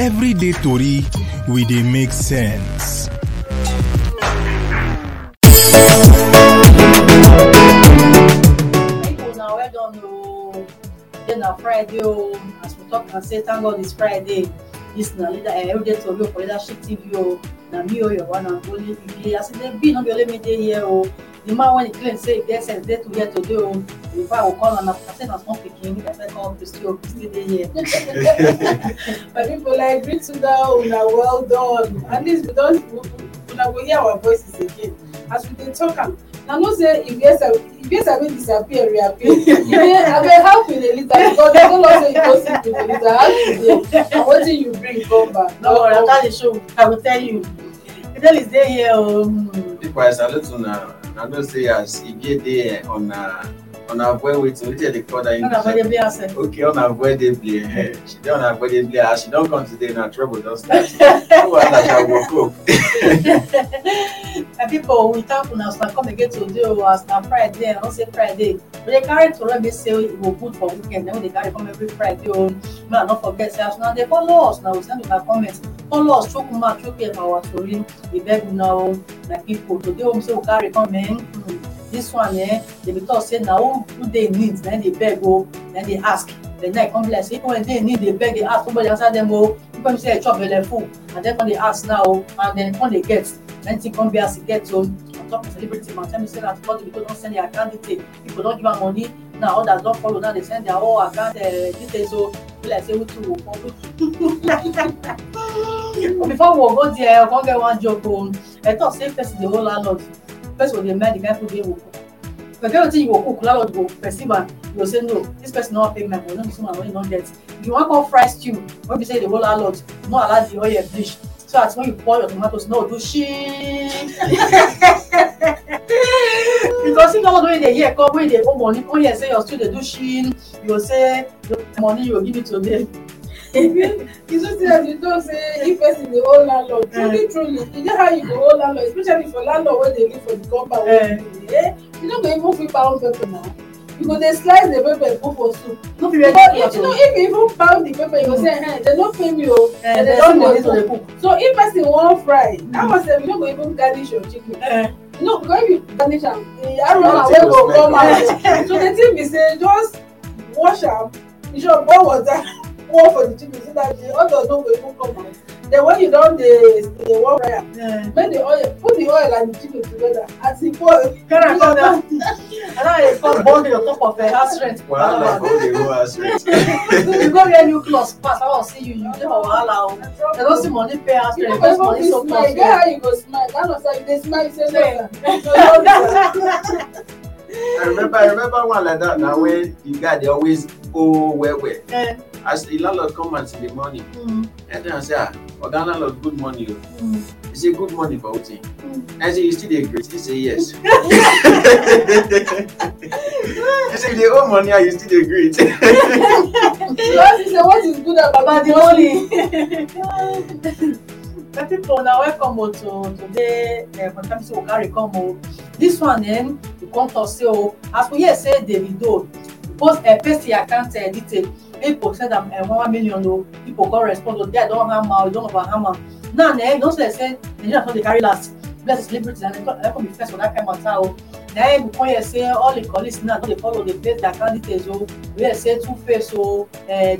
everyday tori we dey make sense. na oh. friday o oh. as we talk am say thank god it's friday this na leader uh, everyday tori for leadership tv o oh. na me o your one and only Ige Asinde B no be Olemide here o the man when he claim say he get sense dey too get to dey the wife go call am na say na small pikin he dey call christy o christy dey here my people like greet una una well done at least we don't we don una go hear our voices again as we dey talk am na know say if yes if yes i will disappear reappear I will help with a little because they don't say you go sick with the litter how you dey and you bring come back. no worry after the show i will tell you fidelis there here oh. The o. ipa now. I don't say as he get there on a uh, on avoid waiting. What did they call that Unavoidably absent. Okay, unavoidably. Eh, she don't unavoidably as she don't come today now trouble don't start. Who are that I woke up? And people will tap on us come again today do as na Friday and say Friday. But they carry to let me say it will good for weekend. Then they carry come every Friday. Oh, no, not forget. Now they follow us now. We send you a comment. Follow us, choke ma choke our story. We beg now, my people. Today, we say we carry come in. Hmm. This one, eh, they be talk say now who they need, then they beg, oh, then they ask. Then they come bless. Even when they need, they beg, they ask. Somebody answer them, oh, people say chop belle full, and then when they ask now, oh. and then when they get, then they come be as they get oh. on top of celebrity man, tell me say that because people don't send their candidate, people don't give her money. Now others don't follow. Now they send their whole account uh, details. So oh, be like say wetin we follow. Before we go there, we come get one joke. Um, I talk say first the whole landlord. First we dey mind the kind food wey we cook. But get wetin you go cook, landlord go perceive am. he go say no, this person no wan pay my money. No be so my money don get. If you wan come fry stew, wey be say the whole landlord no allow the oil bleach. So that when you pour your tomatoes, no do shit. because if someone wey dey hear come wey dey owe money come hear say your student dey do shin you go say the money you go give me them. you see as you talk say if person dey owe landlord yeah. truly truly e dey how you go owe landlord especially for landlord wey dey live for the compound wey eh. you dey eh you no go even fit pound pepper na you go dey slice the pepper put for soup no be regular pepper but you know if you even pound the pepper you go say eh they no pay me o dem don dey cook so if person wan fry that hmm. one sef you no go even garnish your chicken. Eh no when you finish am the aroma wey go come out so the thing be say just wash am you sure boil water go for the chief visit all your don go even come out then when you don dey dey warm fire make the oil put the oil and the chicken together as e pour carry come down and now you come bond your top of your house rent. wahala go dey go house rent. you go wear new cloth pass i wan see you you dey for wahala o I no see money pay house rent because money so cost. you get how you go smile that was like you dey smile you say no. I remember I remember one like that na when the guy dey always go well well. Yeah. as the landlord come comes in the morning mm. and then I say ah oga landlord good morning o mm. he say good morning for wetin mm. I say you still agree?" he say yes he say you dey owe money and ah, you still agree?" he say what is good about the only? my pipo na welcome o to today uh, for the time say okare come o this one eh we come talk say o as we hear say davido post uh, paste your account uh, detail people send am um, one million o oh, people come respond o guy don ham am o don over ham am now na e don say nigeria no dey carry last bless celebrities and They come be first for that kind matter o oh then you come here say all the colleagues now don dey follow dey place their candidates o oh. we hear say tuface o oh.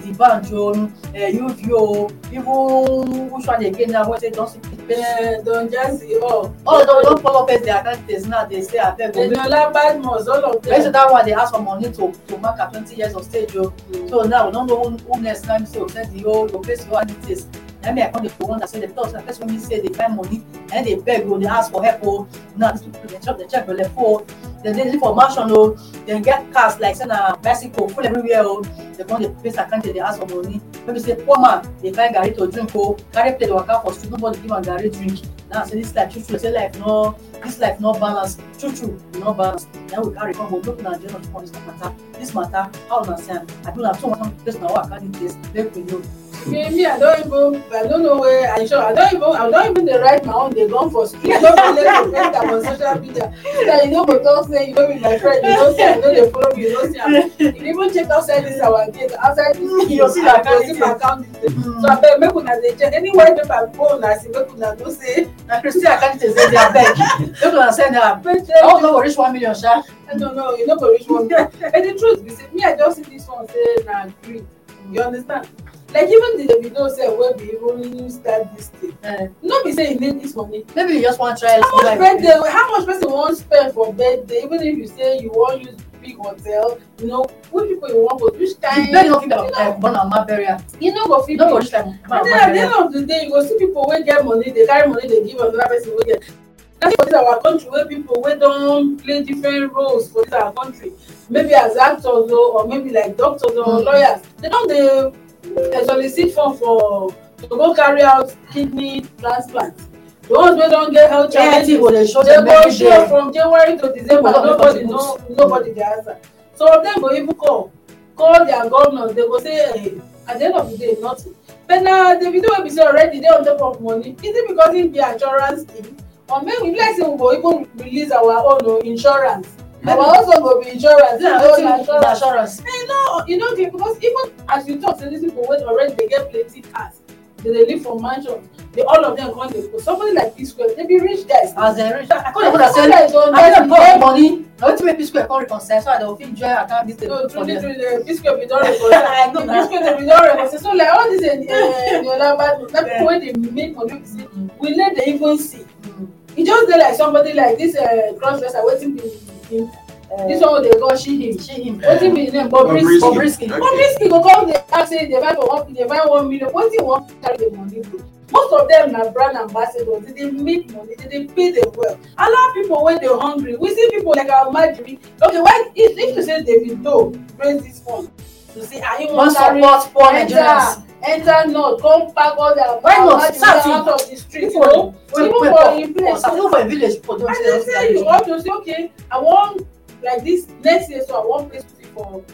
dibanj eh, o oh. yuvi eh, o even which one again na wey say don see. Eh, don jazzy all. all of them don follow face their candidates now dey say abeg o. eniola badmus all of them. based that one dey ask for money to to mark her twenty years of stage o. Mm. so now we no know who next time say o send the whole go face your candidates Let me i come dey that say dem talk say person wey say they find money and they beg o oh, they ask for help o oh. now these people dey chop dey check for full o oh. dem dey live for mansion o dem get cars like say a bicycle full everywhere o dem come dey pay account they ask for money no be say poor man they find garri to drink o carry the waka for street nobody give a garri drink now say this life true true say life no this life no balance true true e no balance Then we carry come home make una join us for this matter this matter how una see am abi una too wan place una waka dey this. Let me know me me i don't even i don't know where i sure i don't even i don't even dey write my own dey gone for street Don't be let them make am on social media that you no go talk say you no be my friend you don't see am you no dey follow me you don't see you even check outside this our gate outside this mm, you see my account see my mm. account so abeg make una dey check any white paper go I see make una know say na christian account dey dey abeg make una send am all oh, no go reach one million sha. i don't know you no go reach one million but the truth be me i just see this one say na green you understand like even the davido sef wey be even start this thing uh, no be say he need this money maybe you just wan try how much like, birthday how much person wan spend for birthday even if you say you wan use big hotel you know which people you wan go which kind you no go fit like born mama burial you no go fit no go fit time? mama burial at the end of the day you go see people wey get money dey carry money dey give another person wey get that's for this our country wey people wey don play different roles for this our country maybe as actors o or maybe like doctors or mm. lawyers they don dey dem solicit form for to go carry out kidney transplant the ones wey don get health challenges yeah, dey go show from january to december nobody no nobody dey answer So of dem go even call call their governors dey go say eh at the end of the day nothing but na davido wey be say already dey on top of money is it because him be insurance king or maybe like say we go even release our own insurance but also go be insurance yeah, you know like insurance. Hey, no you know because even as you talk to these people wey already they get plenty cars They dey live for mansions. They all of them come dey go somebody like p-square they be rich guys. as they rich i come dey wonder say i don borrow money na wetin make p-square come reconcile so i go fit joy account this day for them. no truly truly p-square bin don reconcile p-square be bin don reconcile so like all these yolaba na people wey dey make money we let dey even see e just dey like somebody like this eh, cross dresser wetin bin him eh, dis one they dey call she him she him What's be his name bobrisky bobrisky bobrisky go come dey ask say dey buy for one They buy one million wetin wan carry the money go most of them are brand ambassadors they didn't make money they didn't pay them well of people when they're hungry we see people like our almajiri okay why if if you say they davido raise this fund to say are you want ah he wan carry enter enter north come pack all their bags and out of the street you know even for im place for im village people don tell us that you want to say okay i wan like this next year so i wan pay school for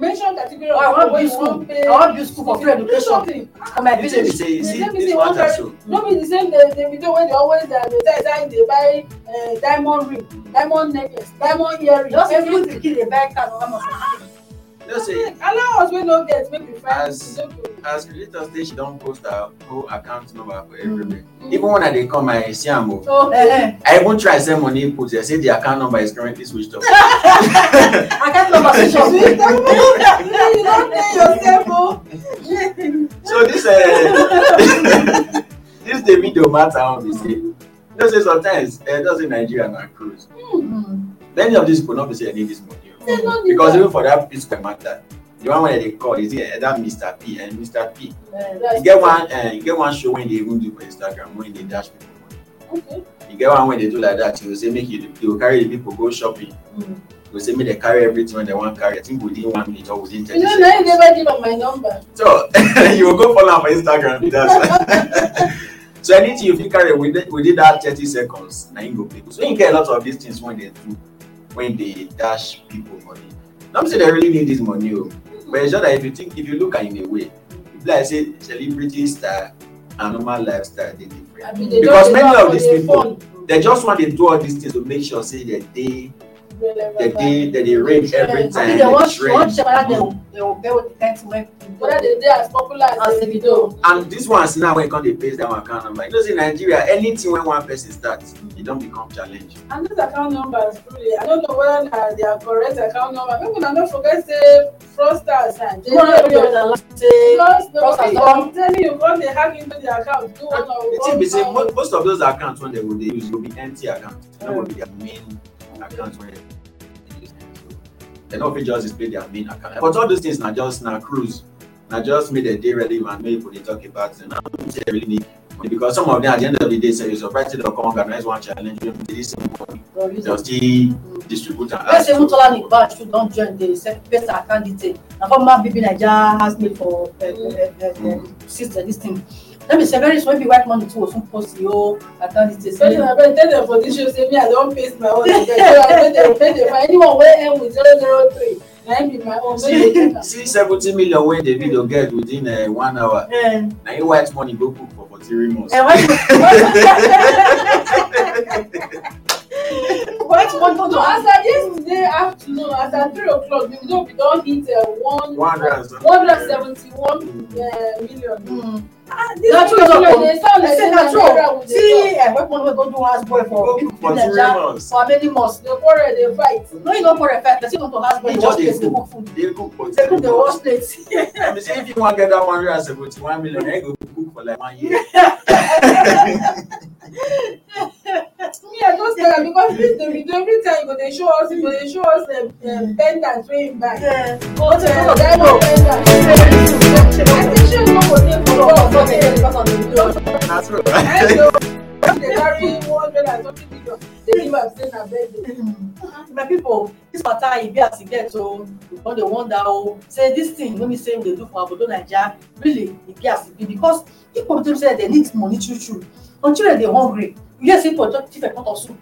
mention category of people wey you wan pay i wan build school for free education for my village you see this one no be the same the the video wey dey always dey uh, advertise how you dey buy uh, diamond ring diamond necklace diamond earring just if you dey buy car or how much just allow us we no get make we as as little stage, she don't post her whole account number for everywhere mm. even when i dey come i see am oh. Eh, eh. i even try send money put there say the account number is currently switched off. account number switched off you don't pay yourself o. Oh. so this uh, this davido matter on be say you say sometimes uh, just say nigeria na cruise mm. many of these people not be say i need this money because even for that piece matter the one wey they call is it eh, that mr p and eh, mr p yeah, get one uh, you get one show wey even do for instagram when they dash people okay. get one when they do like that You will say make you They will carry the people go shopping mm. will say make they carry everything they want wan carry i think within one minute or within thirty seconds. you know na you never give up my number. so you will go follow am for instagram be that. so anything you fit carry within, within that thirty seconds na him go pay so you get a lot of these things when they do when they dash people money. Not say they really need this money, oh, but it's just that if you think, if you look at it in a way, like I say, celebrity star and normal lifestyle they different. I mean, they because many of these people, fun. they just want to do all these things to make sure say that they they did that they arrange every time. I mean, they watch, watch they, will get with the text when whether they they as popular as the video. And this one is now when come they paste their account number. You know, in Nigeria, anything when one person starts, it don't become challenge. And those account numbers, really, I don't know whether they are correct account number. People are not forget say fraudsters. Fraudsters. I'm telling you, once they hack into the account, do one or one. most of those accounts when they will use will be empty accounts. That will be their main accounts where a lot of it just display their main account. But all those things are just now cruise. I just made a day relevant. Maybe when they talk about and I don't say really need money because some of them at the end of the day say you're surprised they come organize one challenge. You did this they'll still distribute and ask. Even Tola Nick should don't join the self-based account detail. Now, for my BB Nigeria has made for uh, uh, uh, mm. sister this thing. no be say very soon wey be white money too some post yo alternative. so na abeg tell dem for dis show say me i don face my own abeg so abeg dem pay dem for anyone wey end with zero zero three na him be my own. see see seventy million wey davido get within uh, one hour yeah. na him white money go cook for forty three months. Eh, correct one point one. as at yesterday afternoon as at three o'clock the group don hit uh, one one hundred seventy one uh, million. Mm. Ah, na true natural. o you say na true see ẹgbẹ́pọ̀n eh, wey for naija many months. they quarrel dey fight. no you no quarrel fight person go to houseboy just dey cook food dey cook for dey cook dey plate. i mean if you want to get that one hundred and seventy one million then you go cook for like one year. me i no tell am because this davido every time he go dey show us he go dey show us um, um, pendant back. him buy old um, diamond pendant i think shey we no go dey for work for there. na true my people, this matter e be as e get o we come dey wonder o say this thing no mean say we dey do for abodo naija really e be as e be because if people tell me say they need money true true until they dey hungry you hear say people just thief a pot of soup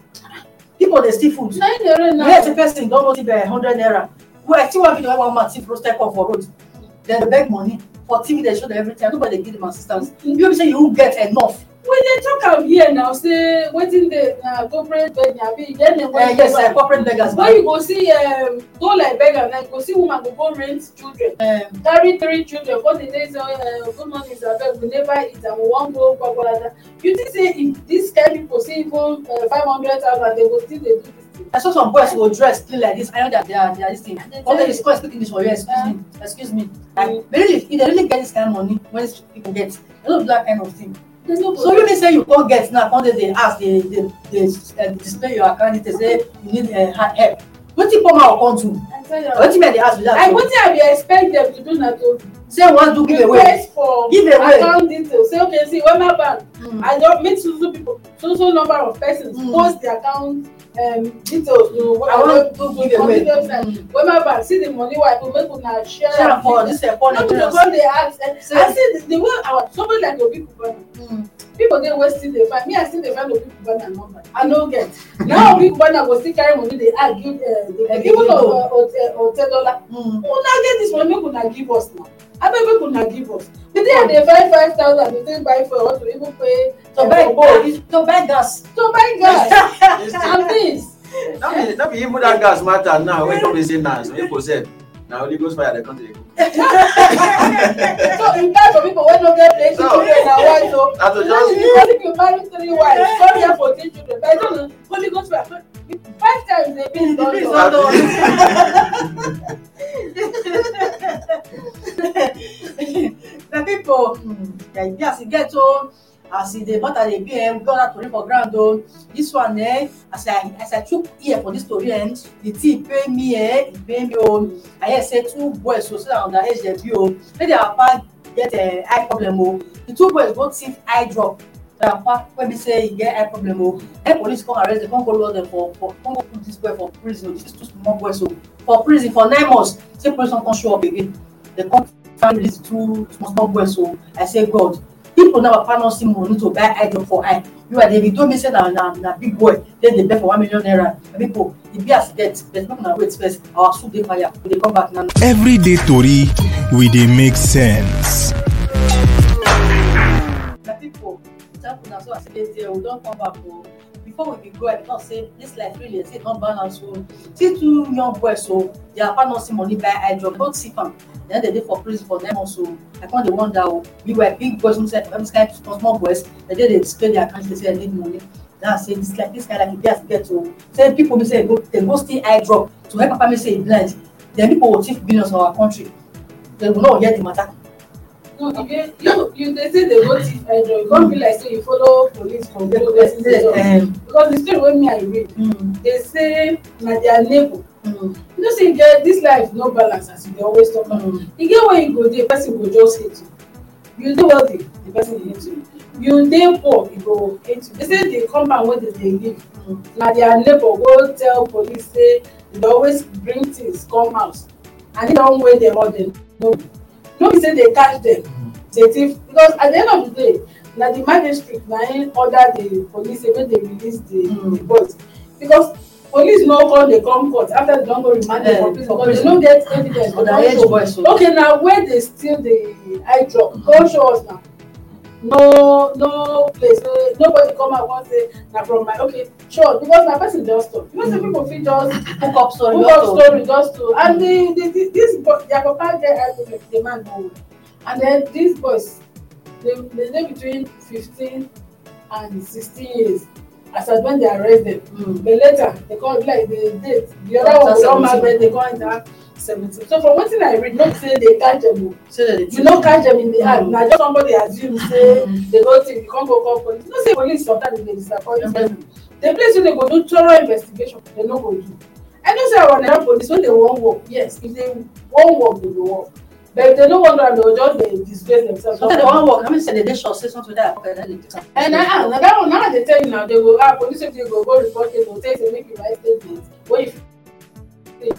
people dey steal food you hear say person don go thief a hundred naira well i still wan give you one man thief roasted corn for road dem dey beg money for tv They show them everything nobody dey give them assistance you be say you get enough. When they talk out here now say waiting the na uh, corporate bed. Yeah, e get name wey yes, uh, corporate beggars when you go see um, go like beggar na you go see woman go go rent children um, carry three children come dey say uh, good morning sir abeg we never eat and we wan go kwakwalada you think say if this kind people see even uh, five hundred thousand they will still dey do this I saw some boys who dress still like this. I know that they are, they are this thing. Okay, it's called speak English for you. Excuse me. Excuse me. Like, really, if they really get this kind of money, when people get, they don't do that kind of thing. No so you may say you don't get now come they ask they they dey uh, display your account They say you need uh, help What poor man go come do you they ask be that. I wetin i bin expect them to do na say what do give away for give away account details say okay see my bank mm. i not meet so so people so so number of persons mm. post the account um, I want to do the When my bank see the money, why people make share am for this dey uh, ask, and I see the, way our somebody like Obi Kubana, mm. people dey wey still dey find me, I still dey find Obi Kubana number. I no get. Mm. Now Obi Kubana go still carry money dey ask uh, give uh, the people of Otedola. Una get this money, make una give us now. how many people na give us the day i dey find five thousand to take buy fuel or to even pay to buy to buy gas to buy gas and things. no be no be even that gas matter now wey come dey say na some people sef na only ghost fire dey come dey go. so in terms of people wey no get plenty so, children na why so na to just because if you marry three wives come here for three children by the time holy ghost fire five times dey bin don don. be as e get o as e dey butter dey be eh we get other tori for ground o this one eh as i as i chook ear for this tori eh the thing pain me eh e pain me o i hear say two boys o say na underage dem be o make their papa get uh, eye problem o the two boys go thief eye drop their papa wey be say e get eye problem o then police come arrest them come go lure them for for come go put this boy for prison o this two small boys o for prison for nine months say police don come show up again they come find these two small small boys o i say god people now are not see money to buy item for eye you and davido mean say na na na big boy then dey beg for one million naira people e be as debt but make una wait first our soup dey fire we dey come back now. everyday tori we dey make sense. na people thank una so as e dey there we don come back o. Oh before we be grow i be talk say this life really dey don balance o oh. see two young boys o oh. their papa no see money buy eye drop both sick am dem dey dey for prison for nine months o i come dey wonder o oh. were big boys most um, times kind small small boys dem dey dey spray their country say dem need money now say this kind this kind life e be as e get o say people be say dem go steal eye drop to help papa make say e blind dem people go thief billions for our country dem go no hear the matter no you you dey say dey go thief hydro be like say you follow police for follow person because the story wey me i read mm. say na their neighbor Mm. you know get this life no balance as you dey always talk am mm. e get where you go dey person go just hate you you dey wealthy the person dey hate you you dey poor you go hate you they say the compound wey they dey live mm. na their neighbor go tell police say they dey always bring things come house and e don weigh them all dem no no be say they catch them. dey thief because at the end of the day na the magistrate na him order the police say make dem release the mm. the boys because police no come dey come court after they don go remand them for eh, prison because they no get evidence for that show boys, so. okay na where they steal the eye drop go show us na no no place no nobody come out come say na from my okay sure because my person just talk you know say people fit just hook up story hook up story just to and the the, the this boy their papa get high problem the man no well and then these boys they they dey between fifteen and sixteen years as at when they arrest them mm. but later they come be like they date the other one go don mark when they come enter seventeen so from wetin i read no say they catch them oh. o you no catch them in the act mm. na just somebody assume say mm. they go think you come go call police you know say police sometimes dey disappoint mm. them the place wey dey go do thorough investigation dem no go do i know say our naija police wey dey wan work yes if they wan work they go work but if they no wan do am they go just dey eh, disgrace themselves. so if they wan work how many say they dey sure say something dey happen na dey do. and na ah na that one na i dey tell you now they go ah police safety go go report case go tell you say make you write statement wey you fit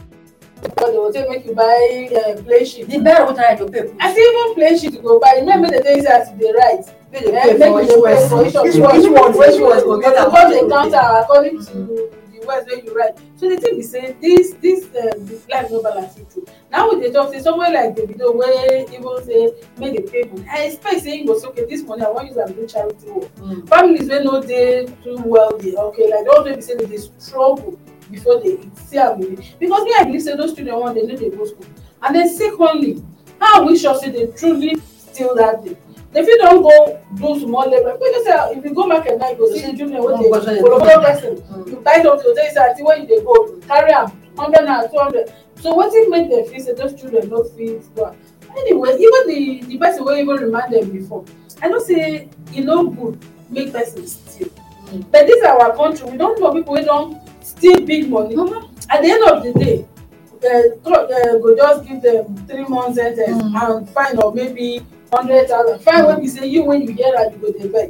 because they go say make you buy uh, play sheet. the bell go try to pay. I as even play sheet you go buy you know make dem dey easy as you dey write. make dem eh, pay for each word each word wey you go get am. because they count am according to the words wey you write. so the thing be say this this um, this life no balance you true. now we dey talk say somewhere like davido wey even say make dey pay money i expect say him go say okay this money i wan use am do charity work. Hmm. families wey no dey too wealthy. okay like the ones wey be say dem dey struggle before they see how we because me i believe say those children one day no dey go school and then secondly how we sure say they truly still that day they fit don go do small labour because you say ah, if you go market now you go see junior wey dey follow person you buy something you say say where you dey go carry am hundred naira two hundred so wetin make dem feel say those children no fit do am anyway even the the person wey even remind them before i know say e no good make person steal mm. but this our country we don know people wey don still big money mm -hmm. at the end of the day uh, uh, go just give them three months sentence eh, mm -hmm. and fine or maybe hundred thousand fine when be say you when you hear that you go dey vex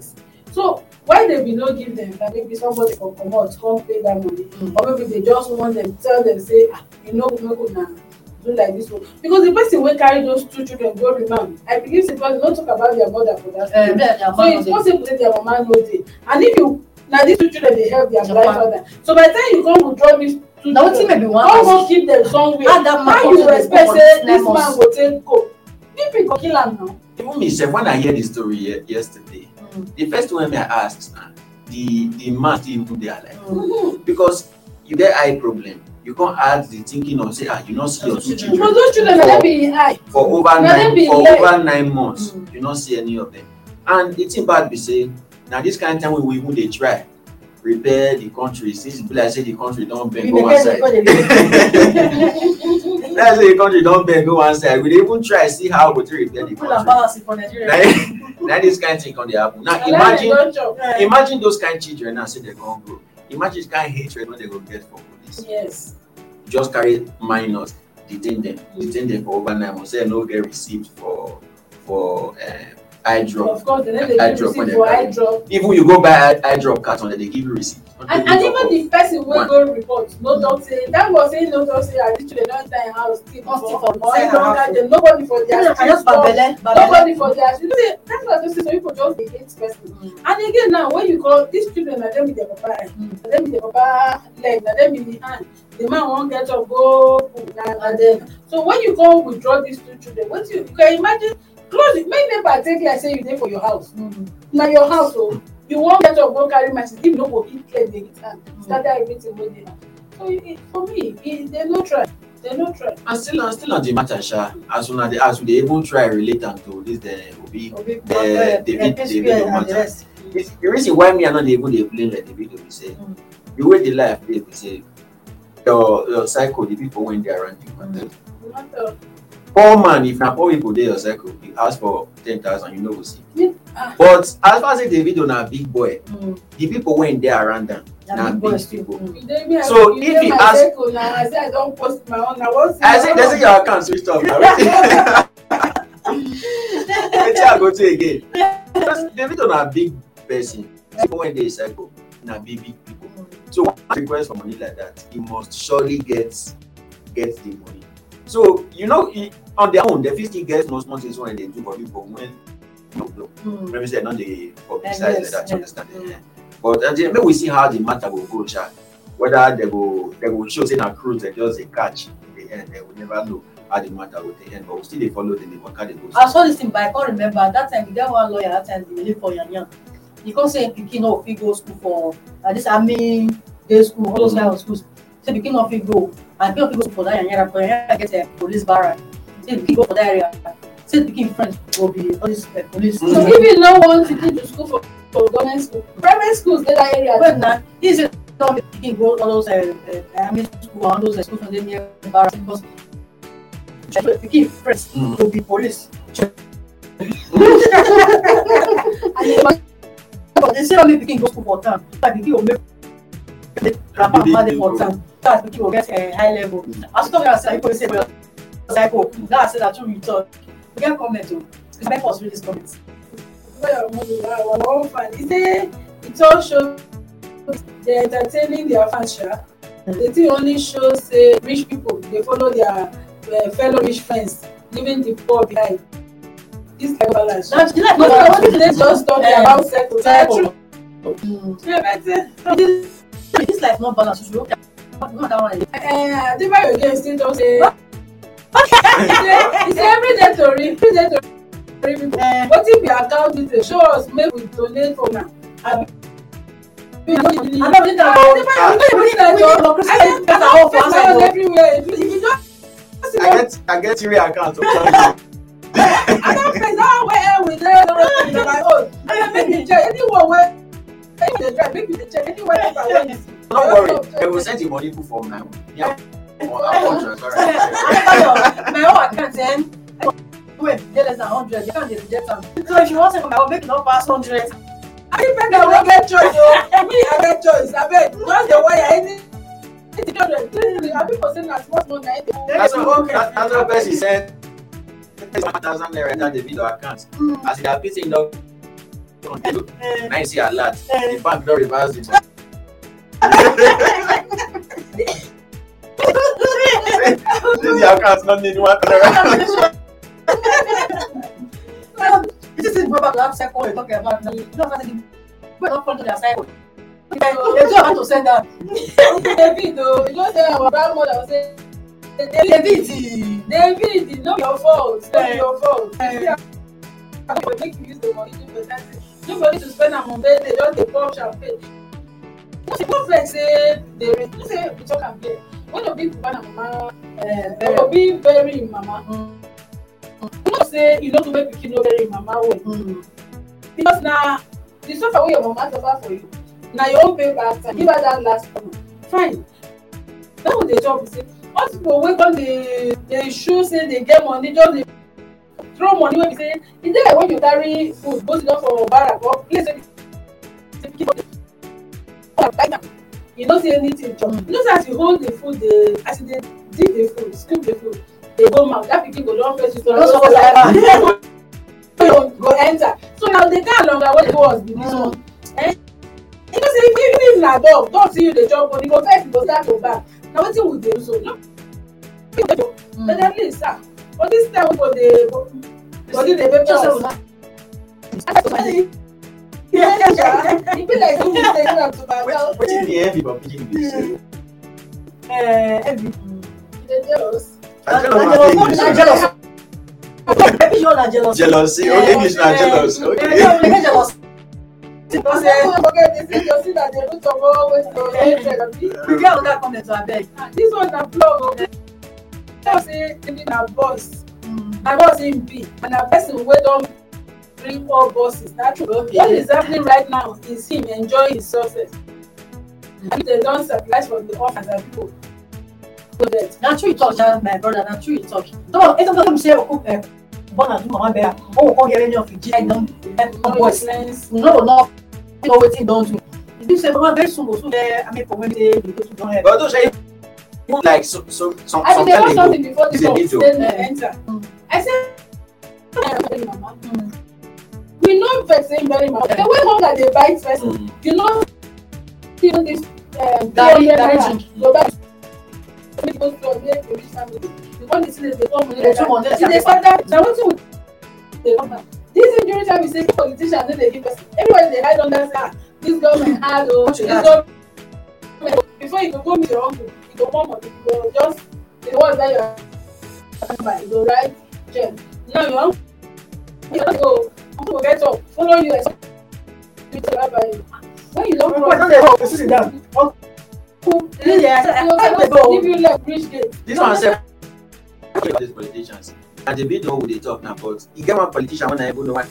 so why they be no give them na maybe somebody for comot come pay that money mm. or maybe they just want them tell them say ah you know make una do like this one because the person wey carry those two children go remand i believe say because they no talk about their mother for that time uh, so it's possible say their mama no dey and if you na these two children dey help their blind father so by the time you come withdraw these two na wetin come go keep them somewhere how you respect say this man go take go people go kill am now. even me sef when i hear the story ye yesterday mm. the first one wey i ask na the the man still even dey alive mm. Mm-hmm. because you get eye problem you come add the thinking of say ah you no see your two children for those children na dem be in for over nine for over nine months mm. you no see any of them and the thing bad be say now this kind of time we even they try repair the country since people like say the country don't bend go one side That's say the country don't bend go one side we even try see how we try repair the country That is this kind thing on the happen now imagine imagine those kind of children now say dem come grow imagine the kind hatred when they go get for police yes. just carry minors detain them, mm. detain them for over nine months say no get received for for uh, eye drop. Of course, then they give receipt for eye drop. Even you go buy eye, drop carton, then they give you receipt. And, and even the person will go report no talk say that was saying no talk say adichule don die house still for or he don for money. nobody for their for stop nobody for their you know say that's why i just say some people just dey hate person mm. and again now when you call these children na them be their papa eye eh? mm. na them be their papa leg na them be the hand the man won't get up go na na so when you go withdraw these two children what you can imagine close it make neighbor take care say you dey for your house mm. na your house o you won't get up go carry machine if no go fit clear the heat mm-hmm. hand scatter everything wey them. so for me they dem no try they dem not try. and still and still not the matter sha as una dey as we even try relate am to this the obi the the david matter the reason why me are not dey even dey blame like eh, david obi say mm. the way the life dey say your your cycle the people wey dey around you mm. matter. Mm poor man if na poor people dey your circle you ask for ten thousand you no go see ah. but as far as say davido na big boy mm. the people wey dey around them, na big, big people mm. so you if you ask circle, i say i don't post my own na one thing i say they say your account switch off na wetin wetin i go do again because davido na big person people wey dey circle na big big people so request for money like that he must surely get get the money so, you know, on their own, the fiscal gets no sponsors when they do for people when no, no. Hmm. Maybe they're not the public side like that, understand hmm. But and then maybe we see how the matter will go, Sha. Whether they will they will show in a cruise and just a catch in the end, they will never know how the matter will end, but we still they follow the, they work the I saw this thing, but I can't remember at that time we get one lawyer that time we live for Yan Yan. You can't say Pikin or fit go school for uh, this army day school, all those mm. kind of schools. So Pikin or fit go and for that yanyara, yanyara get a police barrack. Say the go for that area. Say the pikin friend go be uh, police. Mm-hmm. So if you no want to go to school for, for government school, private schools dey that area. Well na, he say don make pikin go all those army school and all those uh, schools dey near barrack because pikin friends mm mm-hmm. go be police. and they say don make pikin go school for town, so that pikin go make. rapper man dey important that's make you get uh, high level as you talk about cycle you say well cycle That i say na true you talk we get comment o you sabi first read this comment. well our one fan he say e talk show dey entertaining their fans sha the thing only show say rich people dey follow their fellow rich friends leaving the poor behind this kind of balance. na she like no balance. no one dey just talk about settle. na true if this life no balance you should hope that woman that one dey. again still don say he every day tori every day tori people if your account detail show us make we donate for una abi we no dey need abeg we dey go we dey go we dey go i dey get our own for outside o I get I get three accounts. I don't face that way. We dey go my own. I dey make you joy anyone wey. send the drive, make the check. Anywhere I want Don't worry, I will send you money my own. Yeah. Or our contract, alright. My own account, then. Eh? Wait, get less than 100. You can't get some. So if you want to come, I will make it not past 100. I didn't beg I get choice. Oh. Me, I get choice. I beg. Just the way I need. Eh? That's what, that, that's what Bessie said. 1,000 naira in The video account. Hmm. As they are putting up. Nice here, lad. The bank don't reverse it. this account not need one This is Robert Lab cycle we're talking about. You not have We're not They to send that. David, though, you don't tell our grandmother was saying. David, David, not your fault. Not eh. your fault. Yeah. Make you use the money to protect Nobody to spend am on they just dey pour champagne you see people vex say dey raise you say we talk am here when obi papa na mama uh, obi bury im mama mm. you know say e no go make pikin no bury im mama well mm. because na the suffer wey your mama suffer for you na your own pay back time give her that last one fine that one dey talk be say all these people wey come dey dey show say dey get money just dey throw money wey be say e dey like when you carry food go sit down for barak or place wey be say people dey chop like that you no see anything chop you know say as you hold the food dey as you dey dig the food scoop the food dey go mouth that pikin go don first use to know like that go go enter so now the kind longer wey dey was be this mm. one. Eh? you know say even if na dog dog see you dey chop money go first you go start to back na wetin we dey do so no. Mm. but at least ah for this time wey go dey body dey pepper us. yes sha e you dey do am to my well. wetin be heavy hmm. you dey eh, jealous. jealous na jealous. jealous. Jealousy. Oh, English na eh, jealous. Eh, okay. jealous. Because uh, okay, they say that the root of all ways to hatred. We get all ah, that comment, This one na oh tell say david na boss na boss im be and na person wey don bring all bosses na true okay. what is happening right now is him enjoying his success mm. and dem don surprise from the office and people go there. na true you talk ja my brother na true you talk though eight hundred say oku ẹ eh, born and do mama bera o oh, go come get any of you jẹ don help boys you no go know know wetin you don do you think say mama very soon go soon get ameko wey say you go to don help. like so so some I some time ago something before the a video then uh, enter mm. i said mm. we know person very much the way hunger dey bite person mm. you know feel this uh, that that go back make go slow make you reach the one dey see dey come money later e dey further na wetin we dey come back this injury time you say politicians then they give person Everyone they hide under say this government hard o oh, this government before you go go meet your uncle the one of the, they will just the one that you're talking about, they will write gem. Now you want to go, people will get up, follow you and when you don't cross, don't help. Sit down. This one said, "These politicians, and they don't know who they talk now, but he get one politician when I even know what."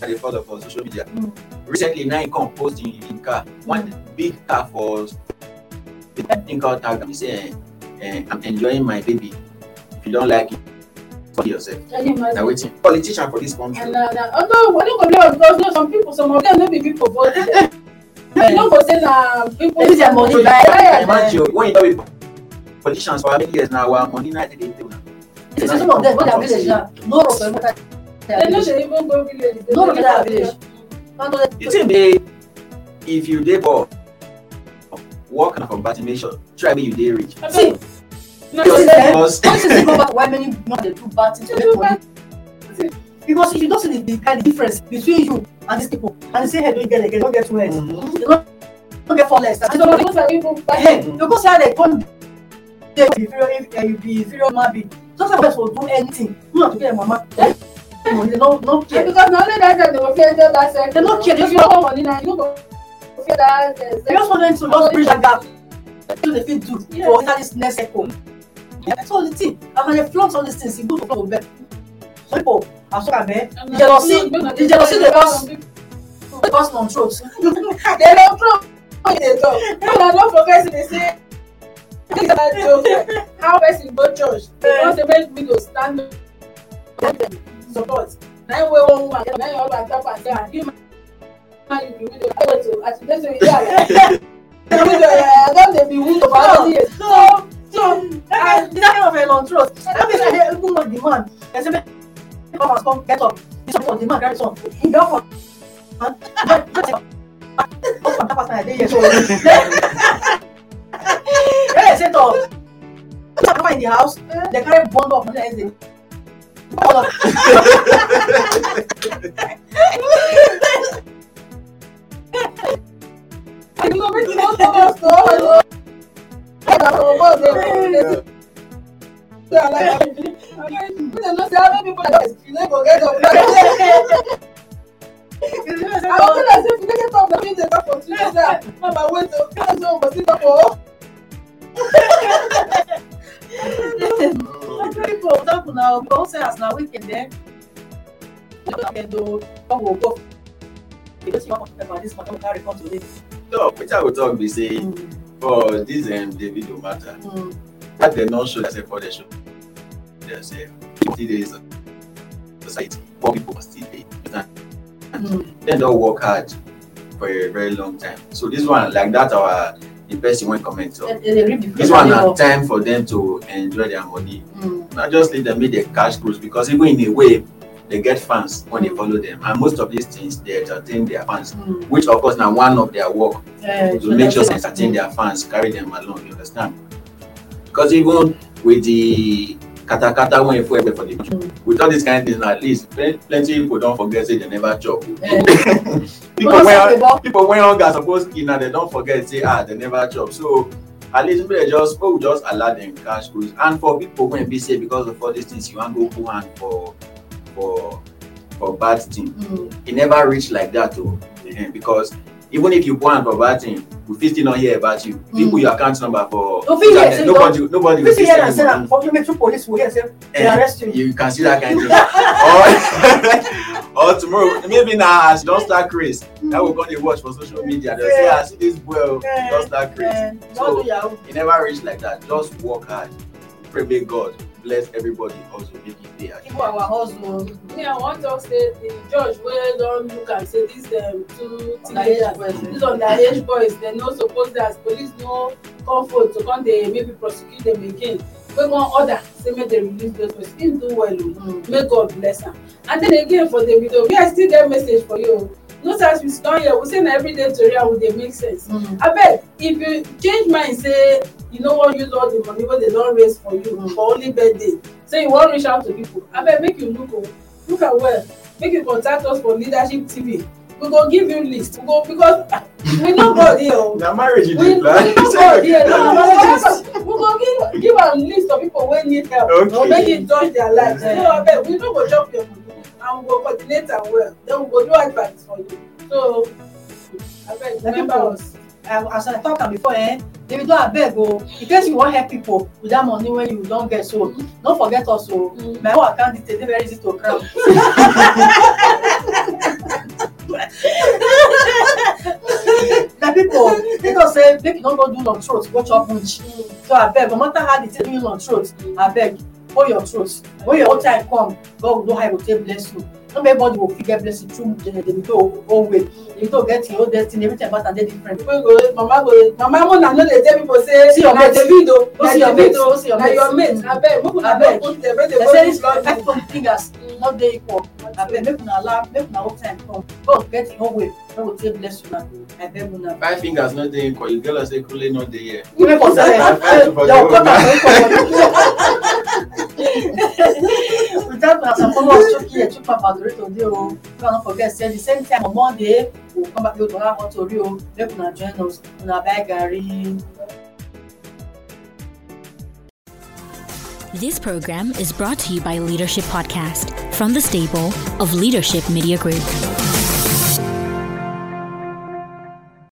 dey follow for social media. Mm. recently na him come post him him car one big car for if I think out loud and say, eh, I'm enjoying my baby, if you don't like it, for yourself. I'm waiting. politician for this country. Na na although I no go blame because no some people some of them no be people but eh, you no go say na people. is their money buy. I imagine when you talk be politicians for many years na our money na dey dey table na. You some of them go their village na no road for enter their They no dey even go village. No road enter village. The thing be if you live poor what kind of congratulation try make you dey rich. see no see there once you see go back to why many not dey do bad things to make money because if you don see the kind of difference between you and these people and you say hey don get leg don get two legs you don get four legs and you don get two legs hey you go see how they come dey be inferior if you be inferior human Be just like person go do anything eh? no na to get your mama money they no no care. because na only that time they were fit enter that sector. they no care they just want money na you no go. that, yes, we just want them to just bridge that gap What do they fit do to enter this next cycle that's all the thing as i dey flaunt all these things e good to flaunt them some people as well abeg the jealousy the jealousy dey cause dey cause non throat dey Don't throat wey dey talk na no for person dey say how na joke how person church because they make me go stand up support Now im wey one woman Now you're all im husband tell am man be widow i go to as you dey so you dey like i don dey be widow for how many years. so so that kind of elon trust that mean say even when the man dey say make the farmers come get up the son for the man carry son he don for man don don take up from that past nine years old then they set up put am cover in the house they carry bundle of money like this dey. Ayúdame si no somos todos. No sé how many people are just you no go get up. I was gonna say if you no get up, na me dey talk for two days. Mama wait o, I just wan body talk for. Lọ́kùnrin kò tọ́kùn náà ọ̀gbọ́n ó sẹ́yà sí náà wíkẹ̀ndì ẹ̀. Ó yẹ kí ọ̀gbẹ́ndò ọ̀gbọ̀n ògbó. Èdè ó sì wá kọ̀ọ̀kan nípa àdéhùn ọ̀gbọ̀n kárí kọ́ọ̀tù lẹ́yìn. talk peter will talk be saying mm. for this um, video matter mm. the dem don show say for the show say fifty days of society Four people still dey mm. don't work hard for a very long time so this one like that our the person won't comment So this one time for them to enjoy their money mm. na just leave them make cash cruise because even in a way they get fans when they follow them. And most of these things, they entertain their fans, mm. which of course now one of their work yeah, to make sure they entertain their fans, carry them along, you understand? Because even with the kata kata when you for the mm. with all these kind of things, at least plenty people don't forget say they never chop. Yeah. people, when, people when young guys supposed to now they don't forget say ah they never chop. So at least we just we just allow them cash cruise. And for people when be say because of all these things, you want go go hand for for for bad thing. Mm. It never reached like that though. Mm-hmm. Eh, because even if you plan for bad thing, we fit still not hear about you. Mm. People your account number for no, internet, hear, nobody do nobody will see and say that complimentary police will hear say they eh, arrest you. You can see that kind of thing. or, tomorrow maybe now as don't start craze mm. that will come dey watch for social media they yeah. say I see this boy oh, yeah. not start craze yeah. so e never reach like that just work hard pray make God bless everybody also make e dey happy. people our hustle me i wan talk say the judge wey don look am say these um, two teenagers eh? these underage boys dem no suppose dey as police no come for. to come dey maybe prosecute dem again wey wan order say make dem release those boys im do well o oh. mm. may god bless am and then again for the video where i still get message for you o oh. Not as we don here, we say na everyday tori and we dey make sense mm. abeg if you change mind say you no wan use all the money wey dem don raise for you mm. for only birthday say you wan reach out to people abeg make you look look am well make you contact us for leadership tv we go give you list we go because we no go there o na marriage you dey plan we no go there no marriage we go give give am list of people wey need help okay. or make e touch their life so abeg we no go chop your money. and we go coordinate am well then we go do advert for you so abeg remember us. Um, as i talk am before eh davido beg, oh! in case you wan help people with that money when you don't get so don't forget us o oh. mm. my whole account is very easy to cram. na pipo pipo say make don't go do long throat go chop bush mm. so I beg, no matter how they tell you long I beg. hold your truth when your own time come god will know how he go take bless you no be everybody go fit get blessing through davido own way davido get him own destiny every time matter dey different. people go mama go mama una no dey tell people say see your mate na davido no see your mate no see your mate mm. na your mate abeg make una no put dem wey dey go this long time. people fingers no dey equal abeg make una allow make una own time come god get him own way we take bless una i beg una. five fingers no dey you say kule no dey here. kule we una some follow us o make una no forget say the same time on monday we come back tori o oh. make una join us una buy garri. This program is brought to you by Leadership Podcast from the stable of Leadership Media Group.